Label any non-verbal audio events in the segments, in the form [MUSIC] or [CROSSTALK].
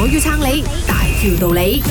我要撐你。條道理，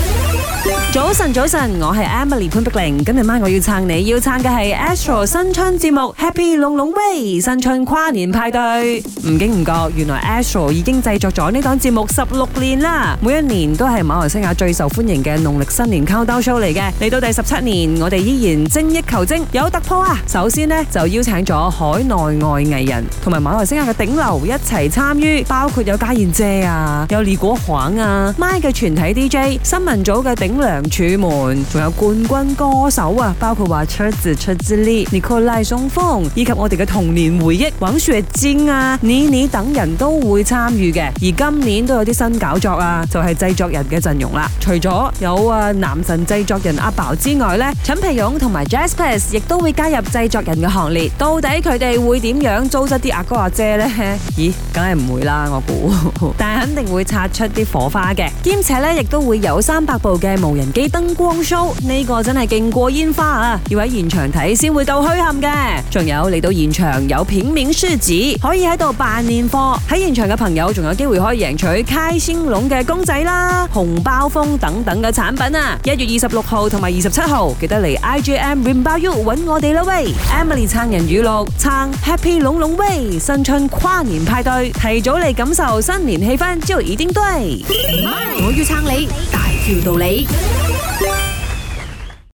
早晨早晨，我係 Emily 潘碧玲、ling, 今日晚我要撐你，要撐嘅係 Astro 新春節目 Happy 龍龍 Way 新春跨年派對。唔經唔覺，原來 Astro 已經製作咗呢檔節目十六年啦，每一年都係馬來西亞最受歡迎嘅農曆新年 Countdown Show 嚟嘅。嚟到第十七年，我哋依然精益求精，有突破啊！首先呢，就邀請咗海內外藝人同埋馬來西亞嘅頂流一齊參與，包括有家燕姐啊，有李果行啊，MY 嘅全體。D.J. 新聞組嘅頂梁柱們，仲有冠軍歌手啊，包括話 Charles、Chazzy Nicola 送風，i, ong, 以及我哋嘅童年回憶，黃雪晶啊、妮妮等人都會參與嘅。而今年都有啲新搞作啊，就係、是、製作人嘅陣容啦。除咗有啊男神製作人阿僑之外咧，陳皮勇同埋 j a z z p e s 亦都會加入製作人嘅行列。到底佢哋會點樣糟質啲阿哥阿姐咧？咦，梗係唔會啦，我估。 [LAUGHS] 但係肯定會擦出啲火花嘅，兼且咧亦。都會有三百部嘅無人機燈光 show，呢個真係勁過煙花啊！要喺現場睇先會到虛撼嘅。仲有嚟到現場有片面書紙，可以喺度辦年貨。喺現場嘅朋友仲有機會可以贏取開心龍嘅公仔啦、紅包封等等嘅產品啊！一月二十六號同埋二十七號記得嚟 IGM Rimbayu 揾我哋啦，喂 Hi.！Emily 撐人語錄撐 Happy 龍龍 Way 新春跨年派對，提早嚟感受新年氣氛就一對，朝已釘堆。我要撐你。大條道理。